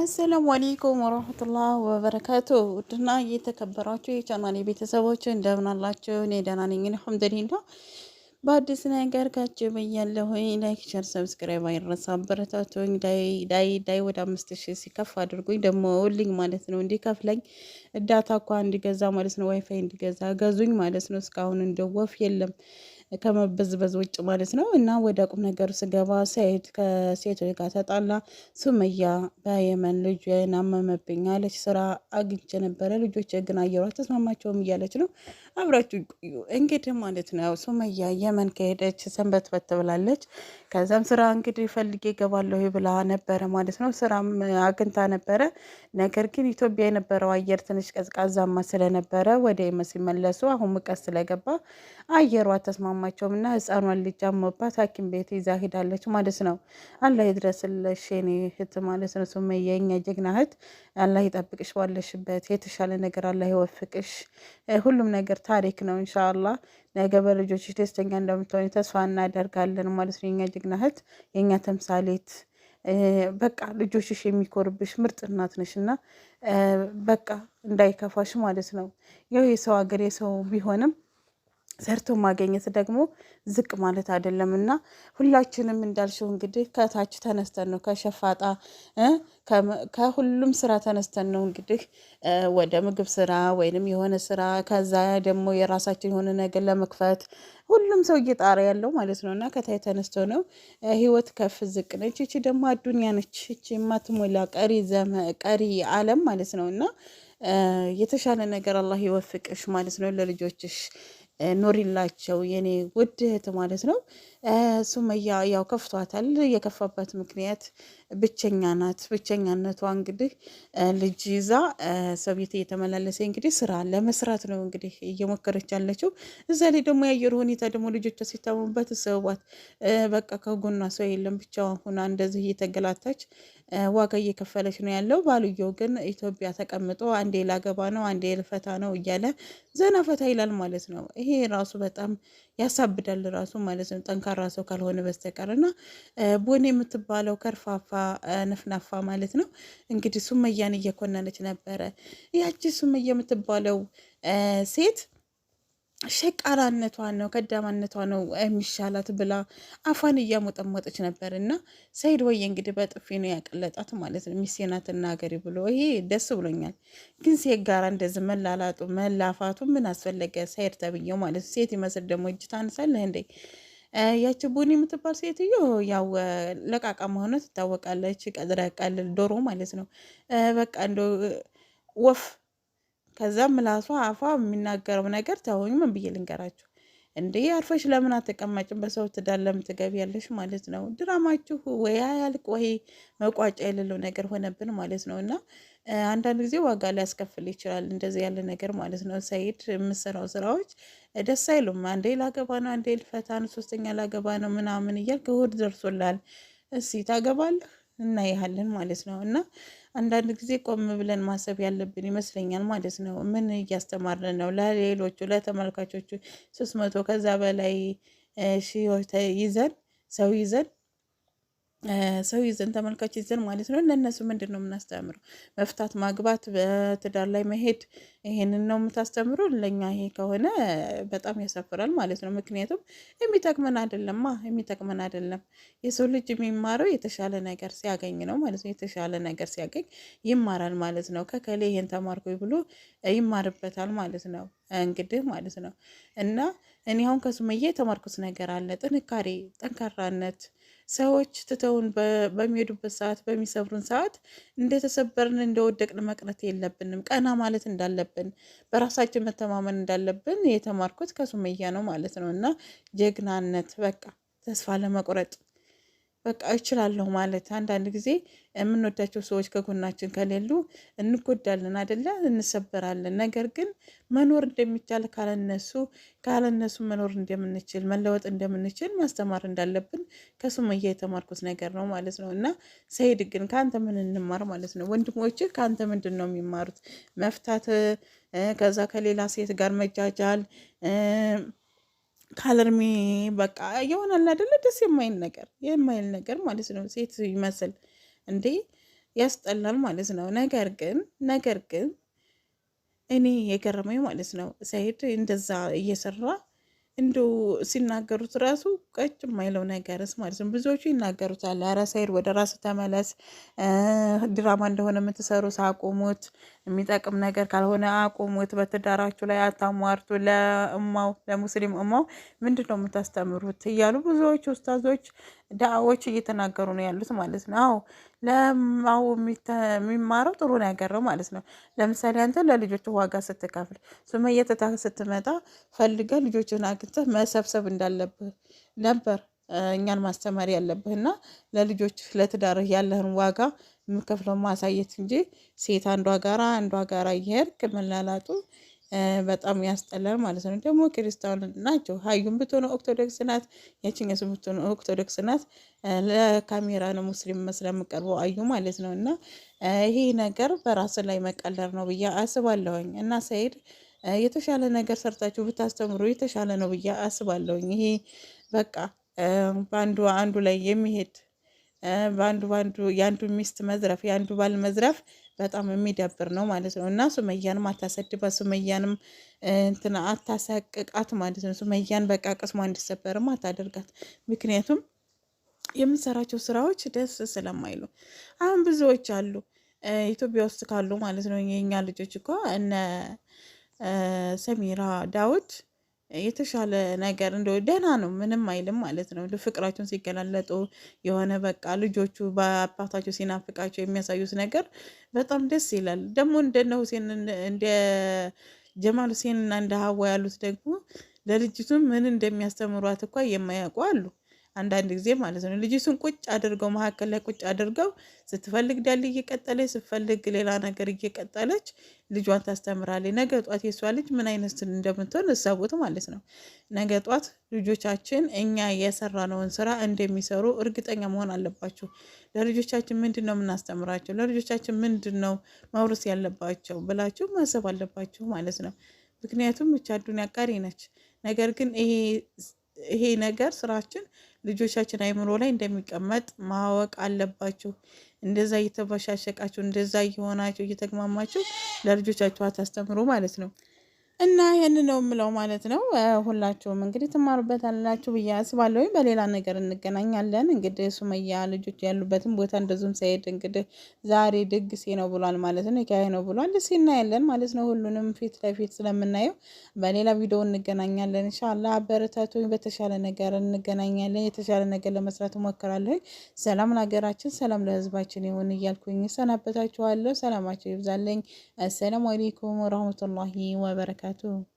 አሰላሙ አሌይኩም ወረህመቱላህ ወበረካቱ። ውድና እየተከበራችሁ የቻናሌ ቤተሰቦች እንደምን አላችሁ? እኔ ደህና ነኝ አልሐምዱሊላህ። በአዲስ ነገር ካችሁ ብያለሁኝ። ላይክ፣ ሸር፣ ሰብስክራይብ አይረሳ። አበረታቱኝ። ዳይ ዳይ ወደ አምስት ሺህ ሲከፍ አድርጉኝ ደግሞ ውልኝ ማለት ነው እንዲከፍለኝ እዳታ እኳ እንዲገዛ ማለት ነው ዋይፋይ እንዲገዛ ገዙኝ ማለት ነው። እስካሁን እንደወፍ የለም ከመበዝበዝ ውጭ ማለት ነው። እና ወደ ቁም ነገር ስገባ ሰኢድ ከሴቶች ጋር ተጣላ። ሱመያ በየመን ልጅ አመመብኝ አለች። ስራ አግኝቼ ነበረ ልጆች ግን አየሩ አልተስማማቸውም እያለች ነው። አብራችሁ እንግዲህ ማለት ነው ሱመያ የመን ከሄደች ሰንበት በት ብላለች። ከዛም ስራ እንግዲህ ፈልጌ እገባለሁ ብላ ነበረ ማለት ነው። ስራም አግኝታ ነበረ። ነገር ግን ኢትዮጵያ የነበረው አየር ትንሽ ቀዝቃዛማ ስለነበረ ወደ የመን ሲመለሱ አሁን ሙቀት ስለገባ አየሯ ተስማማ አልሰማቸውም እና ህፃኗን ልጅ አሞባት ሐኪም ቤት ይዛ ሄዳለች ማለት ነው። አላህ ይድረስልሽ የኔ እህት ማለት ነው። ሱመያ የኛ ጀግና እህት አላህ ይጠብቅሽ፣ ባለሽበት የተሻለ ነገር አላህ ይወፍቅሽ። ሁሉም ነገር ታሪክ ነው። ኢንሻአላህ ነገ በልጆችሽ ደስተኛ እንደምትሆን ተስፋ እናደርጋለን ማለት ነው። የኛ ጀግና እህት የኛ ተምሳሌት በቃ ልጆችሽ የሚኮርብሽ ምርጥ እናት ነሽ እና በቃ እንዳይከፋሽ ማለት ነው። ያው የሰው ሀገር የሰው ቢሆንም ሰርቶ ማገኘት ደግሞ ዝቅ ማለት አይደለም እና ሁላችንም እንዳልሽው እንግዲህ ከታች ተነስተን ነው ከሸፋጣ ከሁሉም ስራ ተነስተን ነው እንግዲህ ወደ ምግብ ስራ ወይንም የሆነ ስራ ከዛ ደግሞ የራሳችን የሆነ ነገር ለመክፈት ሁሉም ሰው እየጣረ ያለው ማለት ነው እና ከታይ ተነስቶ ነው። ህይወት ከፍ ዝቅ ነች። እቺ ደግሞ አዱኒያ ነች። እቺ የማትሞላ ቀሪ ቀሪ አለም ማለት ነው እና የተሻለ ነገር አላህ ይወፍቅሽ ማለት ነው ለልጆችሽ ኖሪላቸው የኔ ውድ እህት ማለት ነው። ሱመያ ያው ከፍቷታል። የከፋበት ምክንያት ብቸኛ ናት። ብቸኛነቷ እንግዲህ ልጅ ይዛ ሰው ቤት እየተመላለሰ እንግዲህ ስራ ለመስራት ነው እንግዲህ እየሞከረች ያለችው። እዛ ላይ ደግሞ የአየሩ ሁኔታ ደግሞ ልጆቿ ሲታመሙበት ስቧት በቃ ከጎኗ ሰው የለም ብቻዋን ሁና እንደዚህ እየተገላታች ዋጋ እየከፈለች ነው ያለው። ባልየው ግን ኢትዮጵያ ተቀምጦ አንዴ ላገባ ነው አንዴ ልፈታ ነው እያለ ዘና ፈታ ይላል ማለት ነው። ይሄ ራሱ በጣም ያሳብዳል ራሱ ማለት ነው፣ ጠንካራ ሰው ካልሆነ በስተቀር እና ቦኔ የምትባለው ከርፋፋ ነፍናፋ ማለት ነው እንግዲህ ሱመያን እየኮነነች ነበረ። ያቺ ሱመያ የምትባለው ሴት ሸቃራነቷ ነው ከዳማነቷ ነው የሚሻላት ብላ አፏን እያሞጠሞጠች ነበር። እና ሰይድ ወይ እንግዲህ በጥፊ ነው ያቀለጣት ማለት ነው። ሚስቴ ናት እናገሪ ብሎ ይሄ ደስ ብሎኛል። ግን ሴት ጋራ እንደዚህ መላላጡ መላፋቱ ምን አስፈለገ? ሰይድ ተብዬው ማለት ሴት ይመስል ደግሞ እጅ ታንሳለህ እንዴ? ያቺ ቡኒ የምትባል ሴትዮ ያው ለቃቃ መሆኗ ትታወቃለች። ቀዝራ ያቃልል ዶሮ ማለት ነው። በቃ እንደ ወፍ ከዛም ምላሷ አፏ የሚናገረው ነገር ተሆኝ ምን ብዬ ልንገራችሁ እንዴ? አርፈሽ ለምን አትቀማጭም? በሰው ትዳር ለምን ትገቢያለሽ ማለት ነው። ድራማችሁ ወይ ያልቅ ወይ መቋጫ የሌለው ነገር ሆነብን ማለት ነው። እና አንዳንድ ጊዜ ዋጋ ሊያስከፍል ይችላል እንደዚህ ያለ ነገር ማለት ነው። ሰይድ የምሰራው ስራዎች ደስ አይሉም። አንዴ ላገባ ነው፣ አንዴ ልፈታ ነው፣ ሶስተኛ ላገባ ነው ምናምን እያልክ እሑድ ደርሶላል። እስኪ ታገባለህ እናያለን ማለት ነው እና አንዳንድ ጊዜ ቆም ብለን ማሰብ ያለብን ይመስለኛል ማለት ነው። ምን እያስተማርን ነው ለሌሎቹ ለተመልካቾቹ ሶስት መቶ ከዛ በላይ ሺ ይዘን ሰው ይዘን ሰው ይዘን ተመልካች ይዘን ማለት ነው። ለእነሱ ምንድን ነው የምናስተምረው? መፍታት፣ ማግባት፣ በትዳር ላይ መሄድ ይሄንን ነው የምታስተምሩ? ለእኛ ይሄ ከሆነ በጣም ያሳፍራል ማለት ነው። ምክንያቱም የሚጠቅመን አይደለማ፣ የሚጠቅመን አይደለም። የሰው ልጅ የሚማረው የተሻለ ነገር ሲያገኝ ነው ማለት ነው። የተሻለ ነገር ሲያገኝ ይማራል ማለት ነው። ከከሌ ይሄን ተማርኩ ብሎ ይማርበታል ማለት ነው። እንግዲህ ማለት ነው እና እኔ አሁን ከሱመያ የተማርኩት ነገር አለ ጥንካሬ፣ ጠንካራነት ሰዎች ትተውን በሚሄዱበት ሰዓት በሚሰብሩን ሰዓት እንደተሰበርን እንደወደቅን መቅረት የለብንም። ቀና ማለት እንዳለብን፣ በራሳችን መተማመን እንዳለብን የተማርኩት ከሱመያ ነው ማለት ነው እና ጀግናነት በቃ ተስፋ ለመቁረጥ በቃ እችላለሁ ማለት። አንዳንድ ጊዜ የምንወዳቸው ሰዎች ከጎናችን ከሌሉ እንጎዳለን አደለ እንሰበራለን። ነገር ግን መኖር እንደሚቻል ካለነሱ ካለነሱ መኖር እንደምንችል መለወጥ እንደምንችል ማስተማር እንዳለብን ከሱመያ የተማርኩት ነገር ነው ማለት ነው። እና ሰኢድ ግን ከአንተ ምን እንማር ማለት ነው? ወንድሞች ከአንተ ምንድን ነው የሚማሩት? መፍታት፣ ከዛ ከሌላ ሴት ጋር መጃጃል ካለርሜ በቃ የሆናል አደለ ደስ የማይል ነገር የማይል ነገር ማለት ነው። ሴት ይመስል እንዴ ያስጠላል ማለት ነው። ነገር ግን ነገር ግን እኔ የገረመኝ ማለት ነው ሰኢድ እንደዛ እየሰራ እንዶ ሲናገሩት ራሱ ቀጭ የማይለው ነገርስ ማለት ነው። ብዙዎቹ ይናገሩታል። ኧረ ሰይድ ወደ ራሱ ተመለስ፣ ድራማ እንደሆነ የምትሰሩት አቁሙት የሚጠቅም ነገር ካልሆነ አቁሙት። በትዳራችሁ ላይ አታሟርቱ። ለእማው ለሙስሊም እማው ምንድን ነው የምታስተምሩት እያሉ ብዙዎች ውስታዞች ዳዎች እየተናገሩ ነው ያሉት ማለት ነው። አዎ ለማው የሚማረው ጥሩ ነገር ማለት ነው። ለምሳሌ አንተ ለልጆች ዋጋ ስትከፍል ሱመየተታ ስትመጣ ፈልገ ልጆችን አግኝተህ መሰብሰብ እንዳለብህ ነበር እኛን ማስተማር ያለብህና ለልጆች ለትዳርህ ያለህን ዋጋ የምከፍለው ማሳየት እንጂ ሴት አንዷ ጋራ አንዷ ጋራ እየሄድክ መላላጡ በጣም ያስጠላል ማለት ነው። ደግሞ ክርስቲያን ናቸው። ሀዩም ብትሆነ ኦርቶዶክስ ናት፣ የችኛሱ ብትሆነ ኦርቶዶክስ ናት። ለካሜራ ነው ሙስሊም መስላ የምቀርበው አዩ ማለት ነው። እና ይሄ ነገር በራስ ላይ መቀለር ነው ብዬ አስባለሁኝ። እና ሰይድ የተሻለ ነገር ሰርታችሁ ብታስተምሩ የተሻለ ነው ብዬ አስባለሁኝ። ይሄ በቃ በአንዱ አንዱ ላይ የሚሄድ በአንዱ በአንዱ የአንዱ ሚስት መዝረፍ የአንዱ ባል መዝረፍ በጣም የሚደብር ነው ማለት ነው። እና ሱመያንም አታሰድባት፣ ሱመያንም እንትና አታሰቅቃት ማለት ነው። ሱመያን በቃ ቅስሟ እንዲሰበርም አታደርጋት። ምክንያቱም የምንሰራቸው ስራዎች ደስ ስለማይሉ አሁን ብዙዎች አሉ ኢትዮጵያ ውስጥ ካሉ ማለት ነው የኛ ልጆች እኮ እነ ሰሚራ ዳውድ የተሻለ ነገር እንደ ደህና ነው፣ ምንም አይልም ማለት ነው። ፍቅራቸውን ሲገላለጡ የሆነ በቃ ልጆቹ በአባታቸው ሲናፍቃቸው የሚያሳዩት ነገር በጣም ደስ ይላል። ደግሞ እንደነ ሁሴን እንደ ጀማል ሁሴን እና እንደ ሀዋ ያሉት ደግሞ ለልጅቱ ምን እንደሚያስተምሯት እኳ የማያውቁ አሉ። አንዳንድ ጊዜ ማለት ነው። ልጅቱን ቁጭ አድርገው መካከል ላይ ቁጭ አድርገው ስትፈልግ ዳል እየቀጠለች ስትፈልግ ሌላ ነገር እየቀጠለች ልጇን ታስተምራለች። ነገ ጧት የሷ ልጅ ምን አይነት እንደምትሆን እሰቡት ማለት ነው። ነገ ጧት ልጆቻችን እኛ የሰራነውን ስራ እንደሚሰሩ እርግጠኛ መሆን አለባቸው። ለልጆቻችን ምንድን ነው የምናስተምራቸው? ለልጆቻችን ምንድን ነው መውረስ ያለባቸው ብላችሁ ማሰብ አለባችሁ ማለት ነው። ምክንያቱም ብቻ ዱንያ አቃሪ ነች። ነገር ግን ይሄ ነገር ስራችን ልጆቻችን አይምሮ ላይ እንደሚቀመጥ ማወቅ አለባችሁ። እንደዛ እየተበሻሸቃችሁ እንደዛ እየሆናችሁ እየተግማማችሁ ለልጆቻችሁ አታስተምሩ ማለት ነው። እና ይህን ነው የምለው ማለት ነው። ሁላችሁም እንግዲህ ትማሩበታላችሁ ብዬ አስባለሁ። በሌላ ነገር እንገናኛለን። እንግዲህ ሱመያ ልጆች ያሉበትን ቦታ እንደዙም ሳይሄድ እንግዲህ ዛሬ ድግሴ ነው ብሏል ማለት ነው። ኒካሄ ነው ብሏል። እስኪ እናያለን ማለት ነው። ሁሉንም ፊት ለፊት ስለምናየው በሌላ ቪዲዮ እንገናኛለን። እንሻላ አበረታቱኝ። በተሻለ ነገር እንገናኛለን። የተሻለ ነገር ለመስራት እሞክራለሁ። ሰላም ለሀገራችን፣ ሰላም ለህዝባችን ይሁን እያልኩኝ ሰናበታችኋለሁ። ሰላማችሁ ይብዛለኝ። አሰላሙ አሌይኩም ወረህመቱላሂ ወበረካቱ at all.